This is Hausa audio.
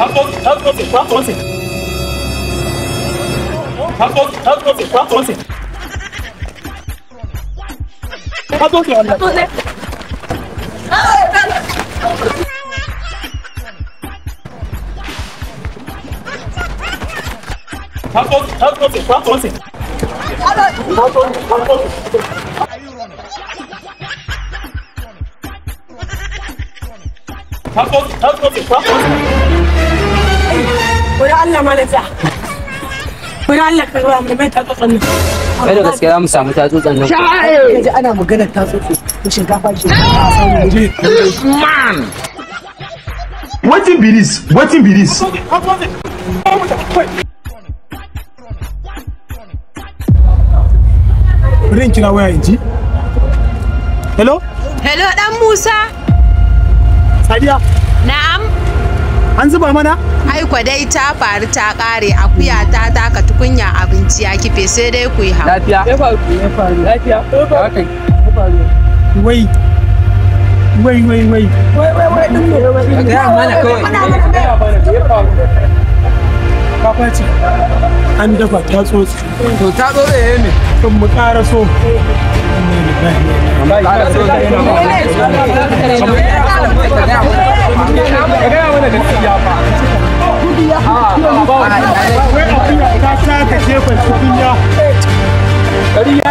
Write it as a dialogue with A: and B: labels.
A: How close? How close? How close? How close? How close? Ta Allah Allah mai ta tsotsan Kai da gaskiya mu samu ta tsotsan ana magana ta Shinkafa shi. Man! Rin kira waya Hello? Hello, dan Musa. Sadiya? Na'am. An zuba mana? Ai kwa dai ta faru ta kare akuya ta taka tukunya abinci ya kife sai dai ku yi hawa. Lafiya. Ya faru. Ya faru. Lafiya. Ya faru. Ya faru. Wai. Wai wai wai. Wai wai wai Ya mana kawai. Ya faru. Kafa ce. An dafa ta tsotsi. To ta tsotsi yi ne. Kan mu ƙara so. Allah ya ƙara so. 来点豆芽吧，豆豆芽，牛肉包，来点豆芽，大